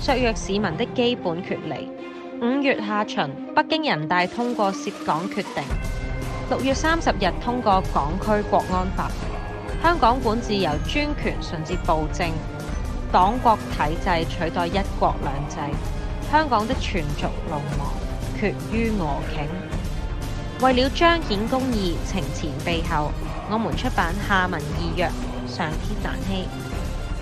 削弱市民的基本權利。五月下旬，北京人大通過涉港決定；六月三十日通過港區國安法。香港管治由專權甚至暴政，黨國體制取代一國兩制。香港的全族龍亡，決於俄頃。為了彰顯公義，情前備後，我們出版下文異約，上天難欺。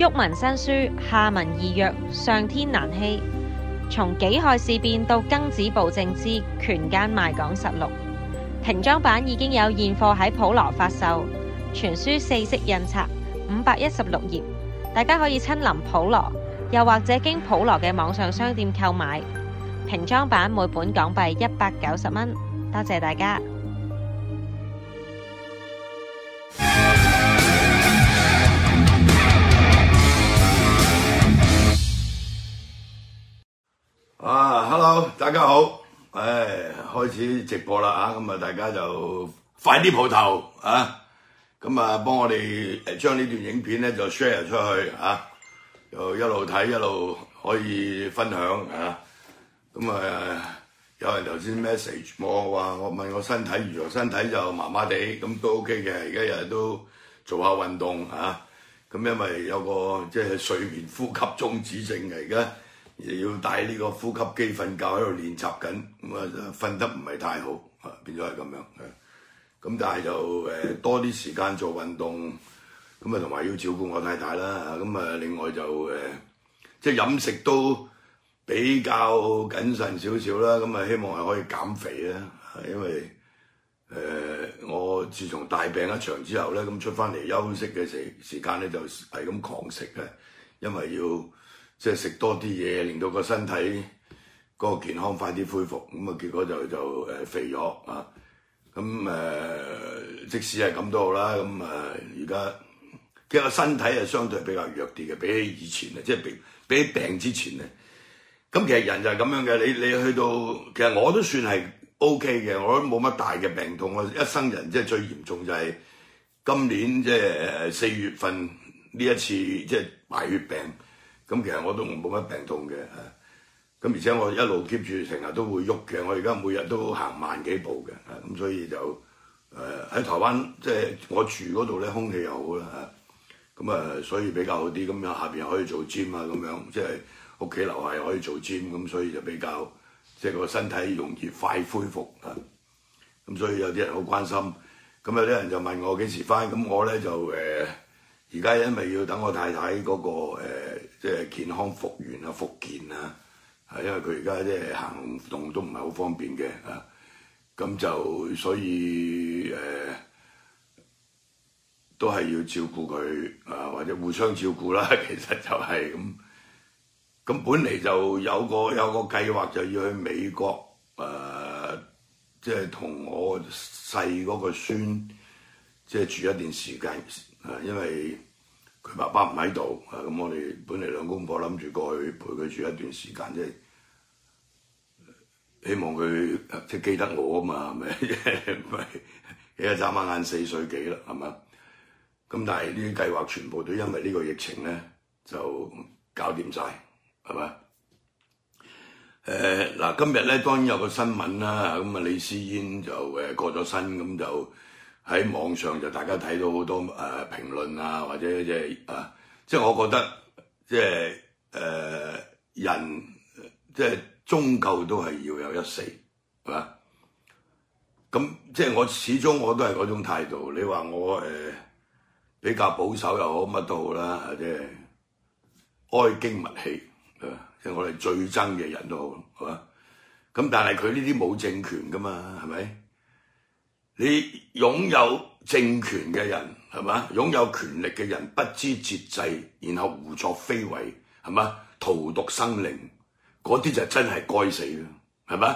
《毓民新書》，下民易虐，上天難欺。從己亥事變到庚子暴政之權奸賣港實錄平裝版，已經有現貨喺普羅發售。全書四色印刷，五百一十六頁，大家可以親臨普羅，又或者經普羅嘅網上商店購買。平裝版每本港幣一百九十蚊。多謝大家。大家好，唉、哎，開始直播啦啊！咁、嗯、啊，大家就快啲蒲頭啊！咁、嗯、啊，幫我哋誒將呢段影片咧就 share 出去啊，就一路睇一路可以分享啊！咁、嗯、啊，有人頭先 message 我話我問我身體如何，身體就麻麻地，咁都 OK 嘅。而家日日都做下運動啊！咁、嗯、因為有個即係、就是、睡眠呼吸中止症嚟嘅。而家又要戴呢個呼吸機瞓覺喺度練習緊，咁啊瞓得唔係太好，啊變咗係咁樣，咁但係就誒、呃、多啲時間做運動，咁啊同埋要照顧我太太啦，咁啊另外就誒、呃、即係飲食都比較謹慎少少啦，咁啊希望係可以減肥咧、啊，因為誒、呃、我自從大病一場之後咧，咁、啊、出翻嚟休息嘅時時間咧就係咁狂食嘅、啊，因為要。即係食多啲嘢，令到個身體個健康快啲恢復。咁啊，結果就就誒、呃、肥咗啊。咁誒，即使係咁都好啦。咁啊，而家其實身體係相對比較弱啲嘅，比起以前啊，即係比比起病之前咧。咁其實人就係咁樣嘅。你你去到其實我都算係 OK 嘅，我都冇乜大嘅病痛。我一生人即係、就是、最嚴重就係今年即係四月份呢一次即係、就是、白血病。咁其實我都冇乜病痛嘅，咁、啊、而且我一路 keep 住成日都會喐嘅，我而家每日都行萬幾步嘅，咁、啊、所以就誒喺、啊、台灣即係我住嗰度咧，空氣又好啦，咁啊，啊，所以比較好啲。咁又下邊可以做 gym 啊，咁樣即係屋企樓下又可以做 gym，咁所以就比較即係個身體容易快恢復啊！咁、啊、所以有啲人好關心，咁有啲人就問我幾時返，咁我咧就誒而家因為要等我太太嗰、嗰個、呃即係健康復原啊、復健啊，係因為佢而家即係行動都唔係好方便嘅啊，咁就所以誒、呃，都係要照顧佢啊，或者互相照顧啦。其實就係、是、咁，咁、嗯嗯、本嚟就有個有個計劃就要去美國誒，即係同我細嗰個孫即係住一段時間啊，因為，佢爸爸唔喺度，咁、啊嗯、我哋本嚟兩公婆諗住過去陪佢住一段時間，即係希望佢即係記得我啊嘛，係咪？唔係，而家眨下眼四歲幾啦，係嘛？咁、嗯、但係呢啲計劃全部都因為呢個疫情咧，就搞掂晒，係嘛？誒、呃、嗱，今日咧當然有個新聞啦，咁、嗯、啊李思嫣就誒、呃、過咗身，咁就。喺網上就大家睇到好多誒評論啊，或者即係誒，即係我覺得即係誒人，即係終究都係要有一死，係嘛？咁即係我始終我都係嗰種態度。你話我誒、呃、比較保守又好，乜都好啦，即係哀矜勿喜，即係我哋最憎嘅人都好，係嘛？咁但係佢呢啲冇政權㗎嘛，係咪？你擁有政權嘅人係嘛？擁有權力嘅人不知節制，然後胡作非為係嘛？荼毒生靈嗰啲就真係該死啦，係嘛？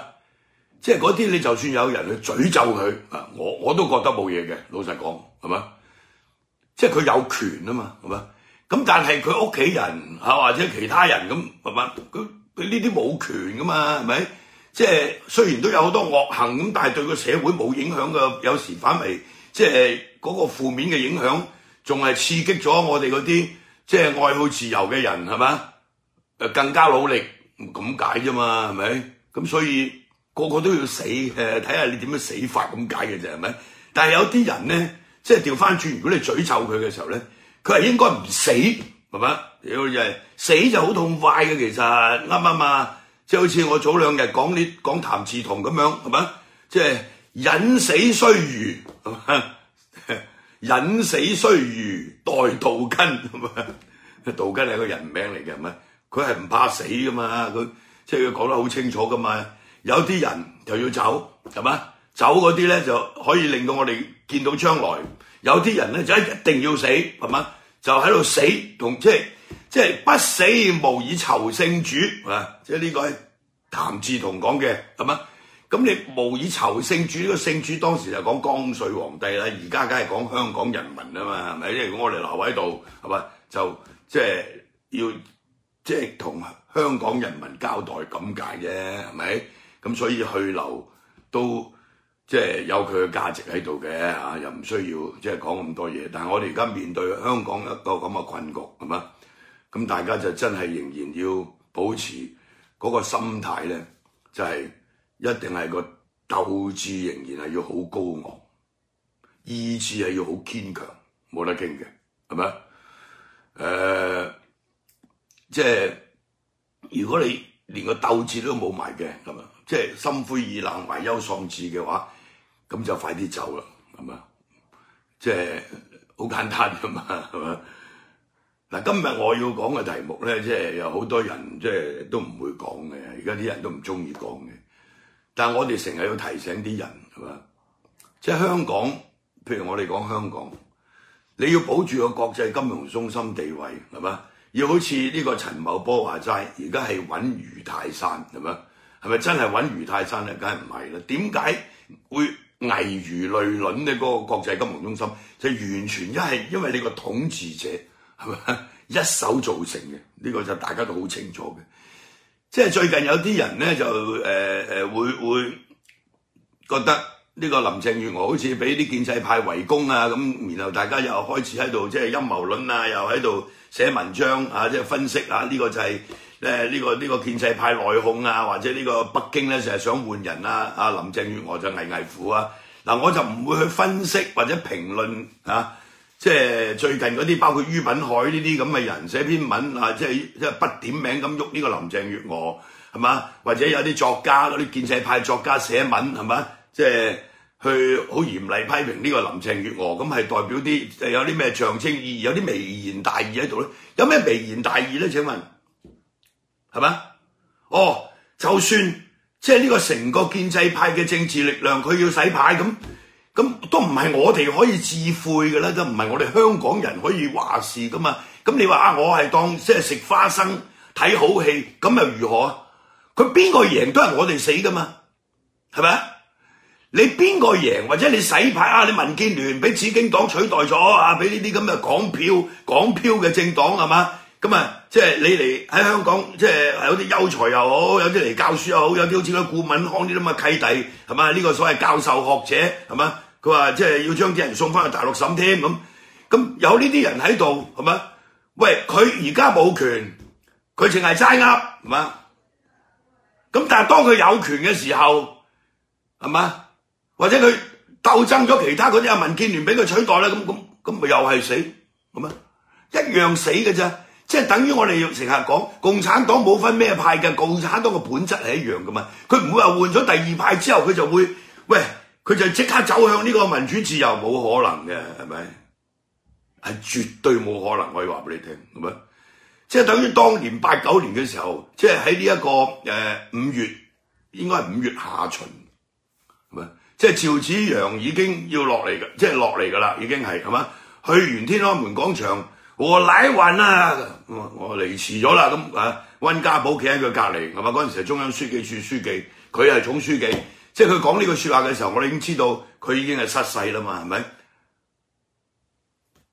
即係嗰啲你就算有人去詛咒佢啊，我我都覺得冇嘢嘅，老實講係嘛？即係佢有權啊嘛，係嘛？咁但係佢屋企人啊或者其他人咁，係嘛，佢佢呢啲冇權噶嘛，係咪？即係雖然都有好多惡行咁，但係對個社會冇影響嘅，有時反為即係嗰個負面嘅影響，仲係刺激咗我哋嗰啲即係愛好自由嘅人係嘛？誒更加努力咁解啫嘛，係咪？咁所以個個都要死誒，睇下你點樣死法咁解嘅啫，係咪？但係有啲人咧，即係調翻轉，如果你詛咒佢嘅時候咧，佢係應該唔死係嘛？屌就係死就好痛快嘅，其實啱唔啱啊？即係好似我早兩日講呢講譚嗣同咁樣，係咪？即係忍死須臾，係咪？忍死須臾待杜根，係咪？杜根係一個人名嚟嘅，係咪？佢係唔怕死噶嘛？佢即係佢講得好清楚噶嘛。有啲人就要走，係咪？走嗰啲咧就可以令到我哋見到將來。有啲人咧就一定要死，係咪？就喺度死同即係。即係不死而無以酬聖主啊！即係呢個係譚嗣同講嘅咁啊！咁你無以酬聖主，呢個聖主當時就講光緒皇帝啦，而家梗係講香港人民啊嘛，係咪？因為我哋留喺度，係咪？就即係要即係同香港人民交代咁解啫，係咪？咁所以去留都即係有佢嘅價值喺度嘅啊！又唔需要即係講咁多嘢，但係我哋而家面對香港一個咁嘅困局，係咪？咁大家就真係仍然要保持嗰個心態咧，就係、是、一定係個鬥志仍然係要好高昂，意志係要好堅強，冇得傾嘅，係咪？誒、呃，即係如果你連個鬥志都冇埋嘅咁啊，即係心灰意冷、懷憂喪志嘅話，咁就快啲走啦，係咪？即係好簡單㗎嘛，係嘛？嗱，今日我要講嘅題目咧，即係有好多人即係都唔會講嘅，而家啲人都唔中意講嘅。但係我哋成日要提醒啲人係嘛，即係香港，譬如我哋講香港，你要保住個國際金融中心地位係嘛，要好似呢個陳茂波話齋，而家係穩如泰山係嘛？係咪真係穩如泰山咧？梗係唔係啦？點解會危如累卵咧？嗰個國際金融中心就完全一係因為你個統治者。係一手造成嘅，呢個就大家都好清楚嘅。即係最近有啲人咧就，誒誒、呃、會會覺得呢個林鄭月娥好似俾啲建制派圍攻啊咁，然後大家又開始喺度即係陰謀論啊，又喺度寫文章啊，即係分析啊，呢個就係誒呢個呢個建制派內訌啊，或者呢個北京咧成日想換人啊，啊林鄭月娥就危危乎啊。嗱，我就唔會去分析或者評論啊。即係最近嗰啲，包括于品海呢啲咁嘅人寫篇文啊，即係即係不點名咁喐呢個林鄭月娥，係嘛？或者有啲作家嗰啲建制派作家寫文係嘛？即係、即係、去好嚴厲批評呢個林鄭月娥，咁係代表啲、即係、有啲咩象徵意義，有啲微言大義喺度咧？有咩微言大義咧？請問係嘛？哦，就算即係呢個成個建制派嘅政治力量，佢要洗牌咁。咁都唔係我哋可以自負噶啦，都唔係我哋香港人可以話事噶嘛。咁你話啊，我係當即係食花生睇好戲，咁又如何啊？佢邊個贏都係我哋死噶嘛，係咪？你邊個贏或者你洗牌啊？你民建聯俾紫荊黨取代咗啊？俾呢啲咁嘅港票、港票嘅政黨係嘛？咁啊，即係你嚟喺香港，即係有啲優才又好，有啲嚟教書又好，有啲好似嗰個顧敏康啲咁嘅契弟，係嘛？呢、這個所謂教授學者係嘛？佢話即係要將啲人送翻去大陸審添。咁。咁有呢啲人喺度係嘛？喂，佢而家冇權，佢淨係齋噏係嘛？咁但係當佢有權嘅時候係嘛？或者佢鬥爭咗其他嗰啲啊民建聯俾佢取代咧，咁咁咁咪又係死係嘛？一樣死嘅啫。即係等於我哋成日講，共產黨冇分咩派嘅，共產黨嘅本質係一樣嘅嘛。佢唔會話換咗第二派之後，佢就會喂，佢就即刻走向呢個民主自由，冇可能嘅，係咪？係絕對冇可能，我可以話俾你聽，係咪？即係等於當年八九年嘅時候，即係喺呢一個誒五月，應該係五月下旬，係咪？即係趙紫陽已經要落嚟嘅，即係落嚟㗎啦，已經係係咪？去完天安門廣場。和乃云啊，我我嚟遲咗啦，咁啊，溫家寶企喺佢隔籬，係嘛，嗰陣時係中央書記處書記，佢係總書記，即係佢講呢句說話嘅時候，我哋已經知道佢已經係失勢啦嘛，係咪？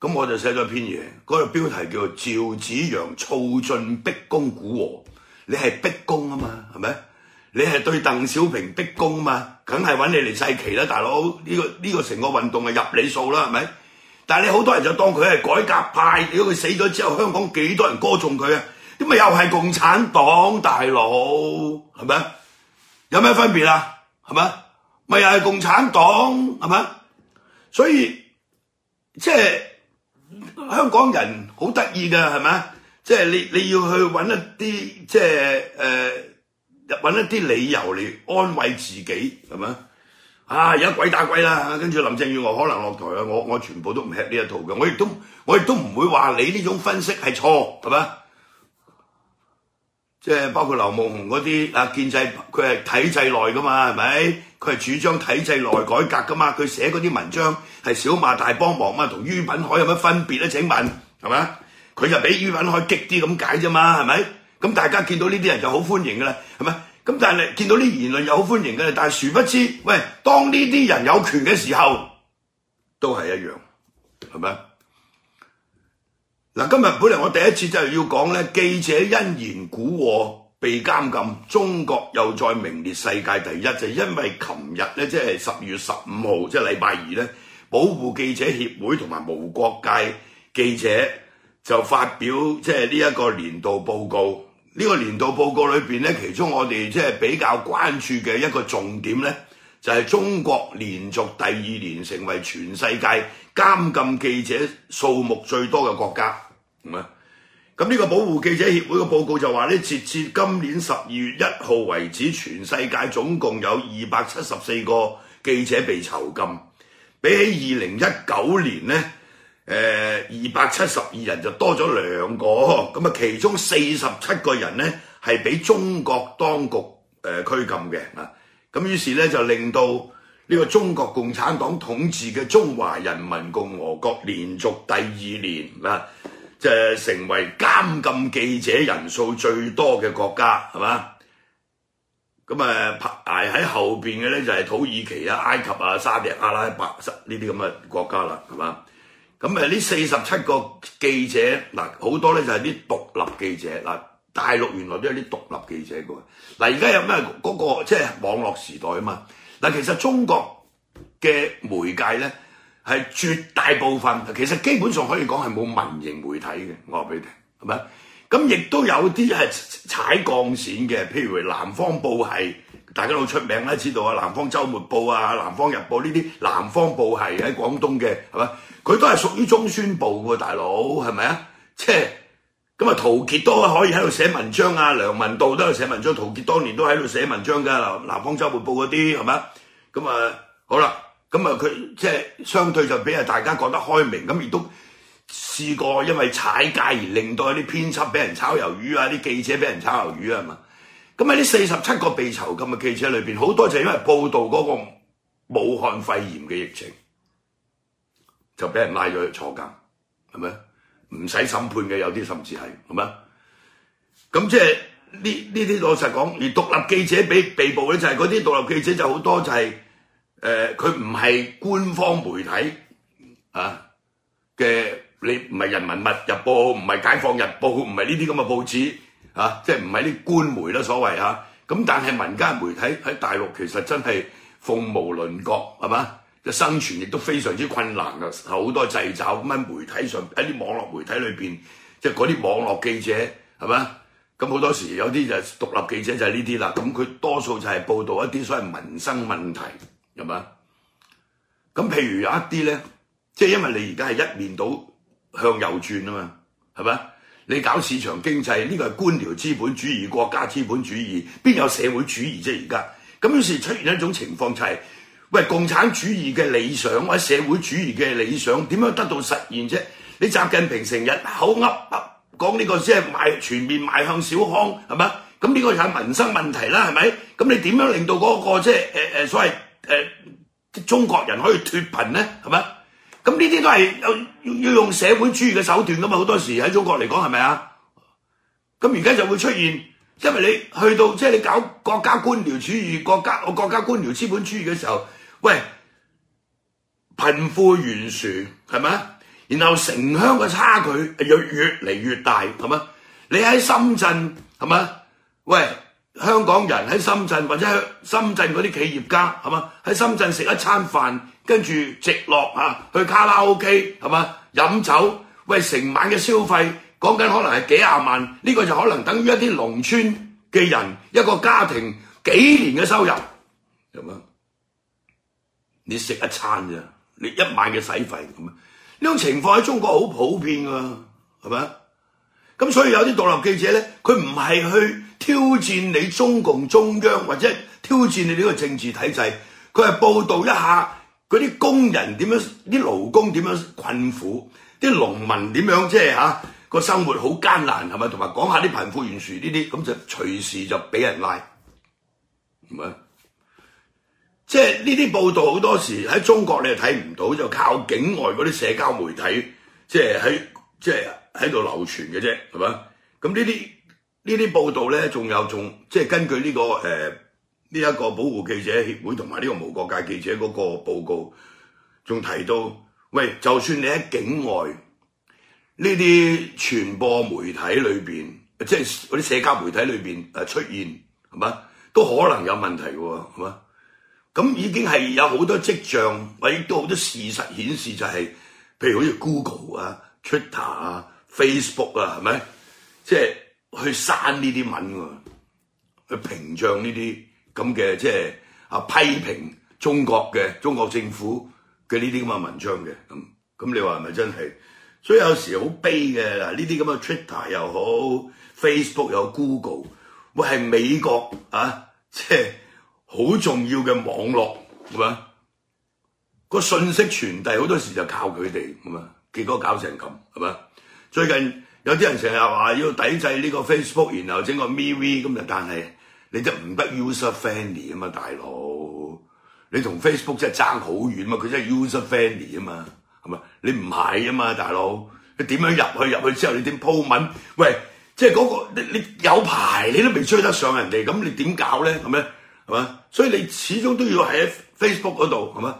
咁我就寫咗一篇嘢，嗰、那個標題叫做「趙紫陽躁進逼宮古惑，你係逼宮啊嘛，係咪？你係對鄧小平逼宮嘛，梗係揾你嚟祭旗啦，大佬，呢、這個呢、這個成個運動係入你數啦，係咪？但係你好多人就當佢係改革派，如果佢死咗之後，香港幾多人歌頌佢啊？咁咪又係共產黨大佬，係咪？有咩分別啊？係咪？咪又係共產黨，係咪？所以，即係香港人好得意㗎，係咪？即係你你要去揾一啲，即係誒揾一啲理由嚟安慰自己，係咪？啊！而家鬼打鬼啦，跟住林鄭月娥可能落台啊！我我全部都唔吃呢一套嘅，我亦都我亦都唔會話你呢種分析係錯，係咪？即係包括劉夢熊嗰啲啊，建制佢係體制內噶嘛，係咪？佢係主張體制內改革噶嘛，佢寫嗰啲文章係小馬大幫忙嘛，同于品海有乜分別咧？請問係咪？佢就比于品海激啲咁解啫嘛，係咪？咁大家見到呢啲人就好歡迎噶啦，係咪？咁但係你見到啲言論又好歡迎嘅，但係殊不知，喂，當呢啲人有權嘅時候，都係一樣，係咪啊？嗱，今日本嚟我第一次就要講咧，記者因言賈禍被監禁，中國又再名列世界第一，就係因為琴日咧，即係十月十五號，即係禮拜二咧，保護記者協會同埋無國界記者就發表即係呢一個年度報告。呢個年度報告裏邊咧，其中我哋即係比較關注嘅一個重點咧，就係、是、中國連續第二年成為全世界監禁記者數目最多嘅國家。咁、嗯、啊，咁、這、呢個保護記者協會嘅報告就話咧，截至今年十二月一號為止，全世界總共有二百七十四個記者被囚禁，比起二零一九年咧。誒，二百七十二人就多咗兩個，咁啊，其中四十七個人咧係俾中國當局誒拘禁嘅嗱，咁於是咧就令到呢個中國共產黨統治嘅中華人民共和國連續第二年嗱，就成為監禁記者人數最多嘅國家，係嘛？咁啊，排喺後邊嘅咧就係土耳其啊、埃及啊、沙地阿拉伯呢啲咁嘅國家啦，係嘛？咁誒，呢四十七個記者嗱，好多咧就係啲獨立記者嗱，大陸原來都有啲獨立記者嘅嗱，而家有咩嗰、嗰個即係網絡時代啊嘛嗱，其實中國嘅媒介咧係絕大部分其實基本上可以講係冇民營媒體嘅，我話俾你聽係咪？咁亦都有啲係踩鋼線嘅，譬如南方報係。大家都好出名啦，知道啊？南方周末報啊、南方日報呢啲南方報係喺廣東嘅，係咪？佢都係屬於中宣部嘅，大佬係咪啊？即係咁啊，陶傑都可以喺度寫文章啊，梁文道都喺度寫文章，陶傑當年都喺度寫文章㗎，南方周末報嗰啲係咪？咁啊，好啦，咁啊，佢即係相對就俾人大家覺得開明，咁亦都試過因為踩界而令到啲編輯俾人炒魷魚啊，啲記者俾人炒魷魚啊嘛。咁喺呢四十七個被囚禁嘅記者裏邊，好多就係因為報道嗰個武漢肺炎嘅疫情，就俾人拉咗去坐監，係咪啊？唔使審判嘅，有啲甚至係，係咪啊？咁即係呢呢啲老實講，而獨立記者俾被捕咧，就係嗰啲獨立記者就好多就係誒，佢唔係官方媒體啊嘅，你唔係人民物日報，唔係解放日報，唔係呢啲咁嘅報紙。嚇，即係唔係啲官媒啦，所謂嚇，咁但係民間媒體喺大陸其實真係鳳毛麟角，係嘛？就生存亦都非常之困難啊，好多製造咁喺媒體上，喺啲網絡媒體裏邊，即係嗰啲網絡記者係嘛？咁好多時有啲就獨立記者就係呢啲啦，咁佢多數就係報導一啲所謂民生問題，係嘛？咁譬如有一啲咧，即係因為你而家係一面倒向右轉啊嘛，係嘛？你搞市場經濟，呢、這個係官僚資本主義、國家資本主義，邊有社會主義啫？而家咁於是出現一種情況就係、是，喂，共產主義嘅理想或者社會主義嘅理想點樣得到實現啫？你習近平成日口噏噏講呢個即係賣全面邁向小康係咪？咁呢個就係民生問題啦係咪？咁你點樣令到嗰、那個即係誒誒所謂誒、呃、中國人可以脫貧咧係咪？咁呢啲都係有要用社會主義嘅手段㗎嘛，好多時喺中國嚟講係咪啊？咁而家就會出現，因為你去到即係、就是、你搞國家官僚主義、國家國家官僚資本主義嘅時候，喂，貧富懸殊係咪？然後城鄉嘅差距又越嚟越大係咪？你喺深圳係咪？喂！香港人喺深圳或者喺深圳嗰啲企業家係嘛？喺深圳食一餐飯，跟住直落啊去卡拉 OK 係嘛？飲酒喂，成晚嘅消費，講緊可能係幾廿萬，呢個就可能等於一啲農村嘅人一個家庭幾年嘅收入，係嘛？你食一餐咋？你一晚嘅使費咁啊？呢種情況喺中國好普遍噶，係咪啊？咁所以有啲獨立記者咧，佢唔係去。挑戰你中共中央或者挑戰你呢個政治體制，佢係報導一下嗰啲工人點樣、啲勞工點樣困苦，啲農民點樣，即係嚇個生活好艱難係咪？同埋講下啲貧富懸殊呢啲，咁就隨時就俾人拉，係咪？即係呢啲報導好多時喺中國你睇唔到，就靠境外嗰啲社交媒體，即係喺即係喺度流傳嘅啫，係咪？咁呢啲。呢啲報道咧，仲有仲即係根據呢個誒呢一個保護記者協會同埋呢個無國界記者嗰個報告，仲提到，喂，就算你喺境外呢啲傳播媒體裏邊，即係嗰啲社交媒體裏邊誒出現，係嘛，都可能有問題喎，係嘛？咁已經係有好多跡象，或亦都好多事實顯示就係，譬如好似 Google 啊、Twitter 啊、Facebook 啊，係咪？即係。去刪呢啲文喎，去屏障呢啲咁嘅即係啊批評中國嘅中國政府嘅呢啲咁嘅文章嘅咁咁你話係咪真係？所以有時悲悲這這好悲嘅嗱，呢啲咁嘅 Twitter 又好，Facebook 又好，Google，會係美國啊，即係好重要嘅網絡係嘛？那個信息傳遞好多時就靠佢哋咁啊，結果搞成咁係嘛？最近。有啲人成日話要抵制呢個 Facebook，然後整個 MeWe 咁就，但係你就唔得 user friendly 啊嘛，大佬！你同 Facebook 真係爭好遠啊嘛，佢真係 user friendly 啊嘛，係嘛？你唔係啊嘛，大佬！你點樣入去入去之後，你點鋪文？喂，即係嗰個你你有排你都未追得上人哋，咁你點搞咧？咁咧係嘛？所以你始終都要喺 Facebook 嗰度係嘛？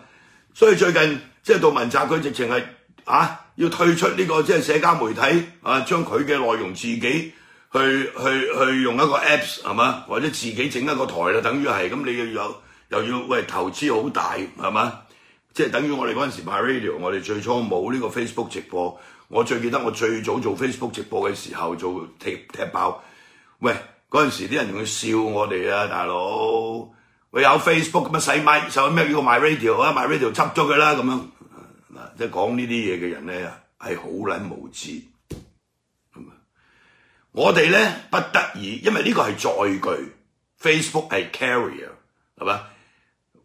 所以最近即係杜汶澤佢直情係啊！要退出呢個即係社交媒體啊，將佢嘅內容自己去去去用一個 apps 係嘛，或者自己整一個台咧，等於係咁你要有又要喂投資好大係嘛，即係等於我哋嗰陣時 MyRadio，我哋最初冇呢個 Facebook 直播，我最記得我最早做 Facebook 直播嘅時候做踢踢爆，喂嗰陣時啲人仲要笑我哋啊大佬，喂有 Facebook 咁樣使麥，使咩叫 MyRadio 啊，MyRadio 執咗佢啦咁樣。即係講呢啲嘢嘅人咧係好撚無知，咁啊！我哋咧不得已，因為呢個係載具，Facebook 係 carrier 係嘛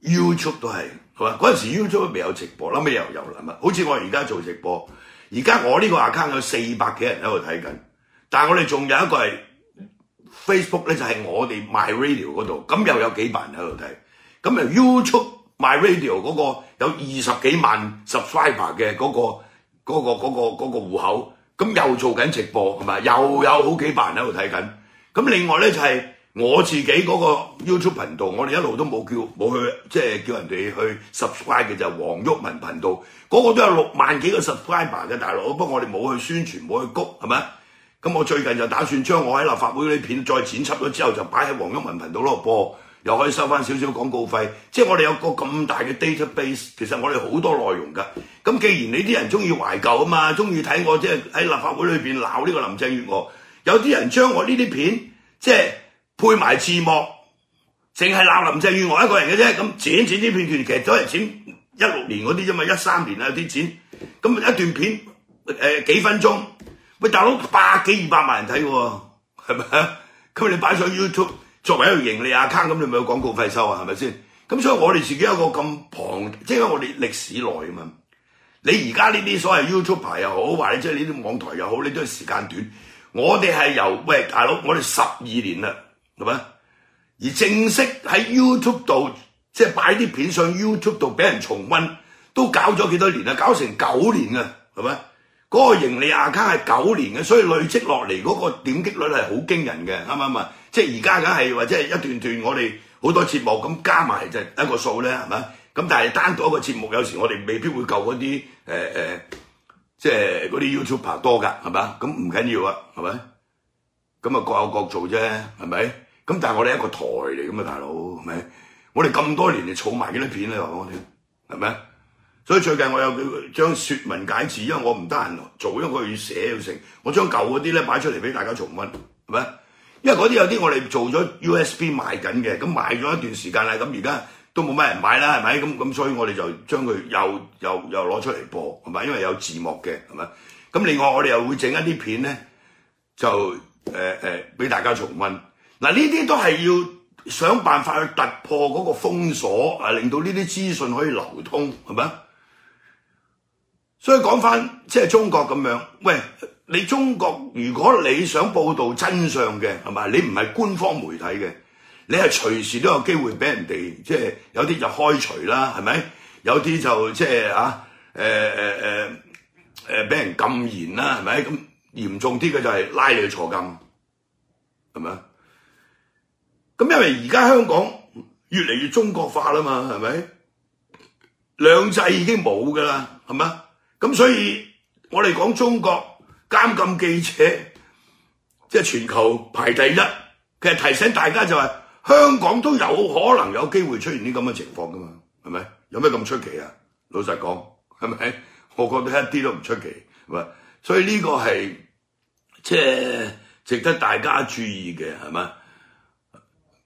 ，YouTube 都係，係嘛，嗰陣時 YouTube 未有直播，後尾又有啦嘛。好似我而家做直播，而家我呢個 account 有四百幾人喺度睇緊，但係我哋仲有一個係 Facebook 咧，就係我哋 My Radio 嗰度，咁又有幾萬人喺度睇，咁又 YouTube。My Radio 嗰、那個有二十幾萬 subscriber 嘅嗰個嗰、那個戶、那個那個那個、口，咁又做緊直播，係咪又有好幾百人喺度睇緊？咁另外呢，就係、是、我自己嗰個 YouTube 頻道，我哋一路都冇叫冇去，即係叫人哋去 subscribe 嘅就是、黃毓民頻道，嗰、那個都有六萬幾個 subscriber 嘅大佬，不過我哋冇去宣傳，冇去谷，係咪？咁我最近就打算將我喺立法會啲片再剪輯咗之後，就擺喺黃毓民頻道度播。又可以收翻少少廣告費，即係我哋有個咁大嘅 database，其實我哋好多內容㗎。咁既然你啲人中意懷舊啊嘛，中意睇我即係喺立法會裏邊鬧呢個林鄭月娥，有啲人將我呢啲片即係配埋字幕，淨係鬧林鄭月娥一個人嘅啫。咁剪剪啲片段，其實都係剪一六年嗰啲啫嘛，一三年啊啲剪，咁一段片誒、呃、幾分鐘，喂，大佬百幾二百萬人睇喎，係咪啊？咁你擺上 YouTube，作為一個盈利 account，咁你咪有廣告費收啊？係咪先？咁所以我哋自己一個咁龐，即係我哋歷史內啊嘛。你而家呢啲所謂 YouTuber 又好，或者即係呢啲網台又好，你都係時間短。我哋係由喂大佬，我哋十二年啦，係咪？而正式喺 YouTube 度，即係擺啲片上 YouTube 度俾人重温，都搞咗幾多年啦，搞成九年啊，係咪？嗰個盈利 account 係九年嘅，所以累積落嚟嗰個點擊率係好驚人嘅，啱唔啱啊？即係而家梗係或者係一段段我哋好多節目咁加埋就係一個數咧，係咪？咁但係單獨一個節目有時我哋未必會夠嗰啲誒誒，即係嗰啲 YouTuber 多㗎，係咪？咁唔緊要啊，係咪？咁啊各有各做啫，係咪？咁但係我哋一個台嚟噶嘛，大佬係咪？我哋咁多年嚟儲埋幾多片咧，我哋係咪？所以最近我有將《説文解字》，因為我唔得閒做，因為我要寫要成，我將舊嗰啲咧擺出嚟俾大家重温，係咪？因為嗰啲有啲我哋做咗 USB 賣緊嘅，咁賣咗一段時間啦，咁而家都冇咩人買啦，係咪？咁咁，所以我哋就將佢又又又攞出嚟播，係咪？因為有字幕嘅，係咪？咁另外我哋又會整一啲片咧，就誒誒俾大家重温。嗱、啊，呢啲都係要想辦法去突破嗰個封鎖，啊，令到呢啲資訊可以流通，係咪？所以講翻即係中國咁樣，喂。你中國，如果你想報導真相嘅，係咪？你唔係官方媒體嘅，你係隨時都有機會俾人哋，即係有啲就開除啦，係咪？有啲就即係啊，誒誒誒誒，俾人禁言啦，係咪？咁嚴重啲嘅就係拉你坐監，係咪？咁因為而家香港越嚟越中國化啦嘛，係咪？兩制已經冇噶啦，係咪？咁所以我哋講中國。監禁記者，即係全球排第一。其實提醒大家就係，香港都有可能有機會出現啲咁嘅情況㗎嘛，係咪？有咩咁出奇啊？老實講，係咪？我覺得一啲都唔出奇，係咪？所以呢個係即係值得大家注意嘅，係咪？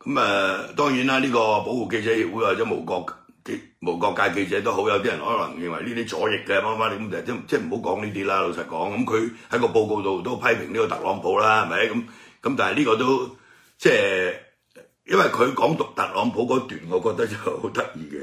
咁啊、呃，當然啦，呢個保護記者協會或者無國。無國界記者都好，有啲人可能認為呢啲左翼嘅，乜乜你，咁就即即唔好講呢啲啦。老實講，咁佢喺個報告度都批評呢個特朗普啦，係咪？咁咁但係呢個都即係因為佢講獨特朗普嗰段，我覺得就好得意嘅。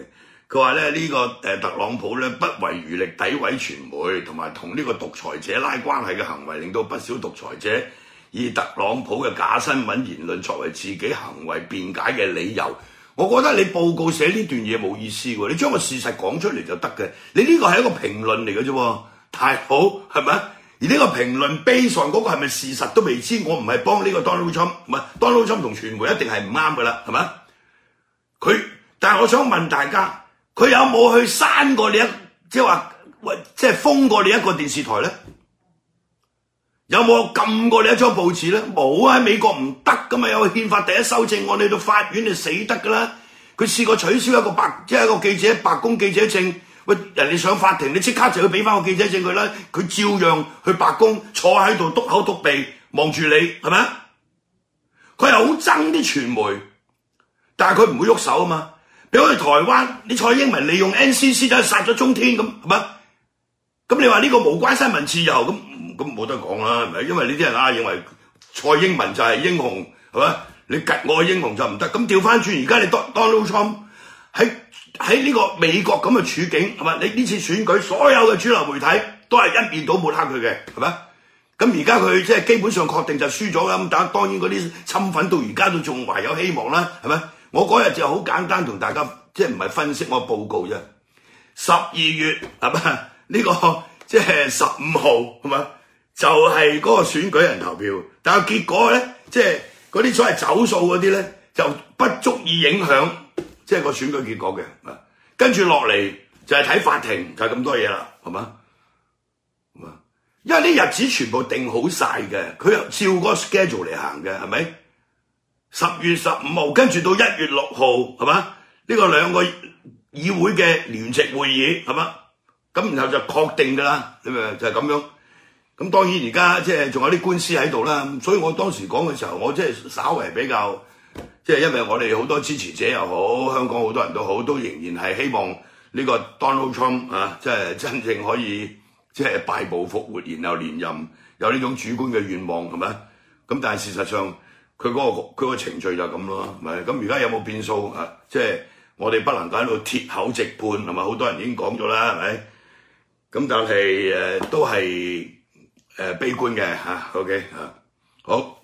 佢話咧呢、呢個誒特朗普咧，不遺餘力，詆毀傳媒，同埋同呢個獨裁者拉關係嘅行為，令到不少獨裁者以特朗普嘅假新聞言論作為自己行為辯解嘅理由。我覺得你報告寫呢段嘢冇意思喎，你將個事實講出嚟就得嘅。你呢個係一個評論嚟嘅啫，太好係咪？而呢個評論背上嗰個係咪事實都未知。我唔係幫呢個 Donald Trump，唔係 Donald Trump 同傳媒一定係唔啱噶啦，係咪？佢，但係我想問大家，佢有冇去刪過你一，即係話，即係封過你一個電視台咧？有冇撳過你一張報紙咧？冇啊！喺美國唔得噶嘛，有憲法第一修正案，你到法院就死得噶啦。佢試過取消一個白即係一個記者白宮記者證，喂，人哋上法庭，你即刻就要俾翻個記者證佢啦。佢照樣去白宮坐喺度，篤口篤鼻望住你，係咪啊？佢又好憎啲傳媒，但係佢唔會喐手啊嘛。比我去台灣，你蔡英文利用 NCC 就殺咗中天咁，係咪？咁你話呢個無關新聞自由咁？咁冇得講啦，係咪？因為呢啲人啊，認為蔡英文就係英雄，係咪？你吉我嘅英雄就唔得。咁調翻轉，而家你 Donald Trump 喺喺呢個美國咁嘅處境，係咪？你呢次選舉，所有嘅主流媒體都係一面倒抹黑佢嘅，係咪？咁而家佢即係基本上確定就輸咗啦。咁但係當然嗰啲侵粉到而家都仲懷有希望啦，係咪？我嗰日就好簡單同大家即係唔係分析我報告啫。十二月係咪？呢、呢個即係十五號係咪？就係嗰個選舉人投票，但係結果咧，即係嗰啲所謂走數嗰啲咧，就不足以影響即係、就是、個選舉結果嘅。啊，跟住落嚟就係、是、睇法庭，就係、是、咁多嘢啦，係嘛？因為啲日子全部定好晒嘅，佢又照個 schedule 嚟行嘅，係咪？十月十五號，跟住到一月六號，係嘛？呢、這個兩個議會嘅聯席會議，係嘛？咁然後就確定㗎啦，咁啊就係、是、咁樣。咁當然而家即係仲有啲官司喺度啦，所以我當時講嘅時候，我即係稍為比較，即係因為我哋好多支持者又好，香港好多人都好，都仍然係希望呢個 Donald Trump 啊，即係真正可以即係敗部復活，然後連任，有呢種主觀嘅願望係咪？咁但係事實上佢嗰個佢個程序就咁咯，係咪？咁而家有冇變數啊？即係我哋不能夠喺度鐵口直判，係咪？好多人已經講咗啦，係咪？咁但係誒都係。誒悲觀嘅吓 OK 啊，okay，啊好。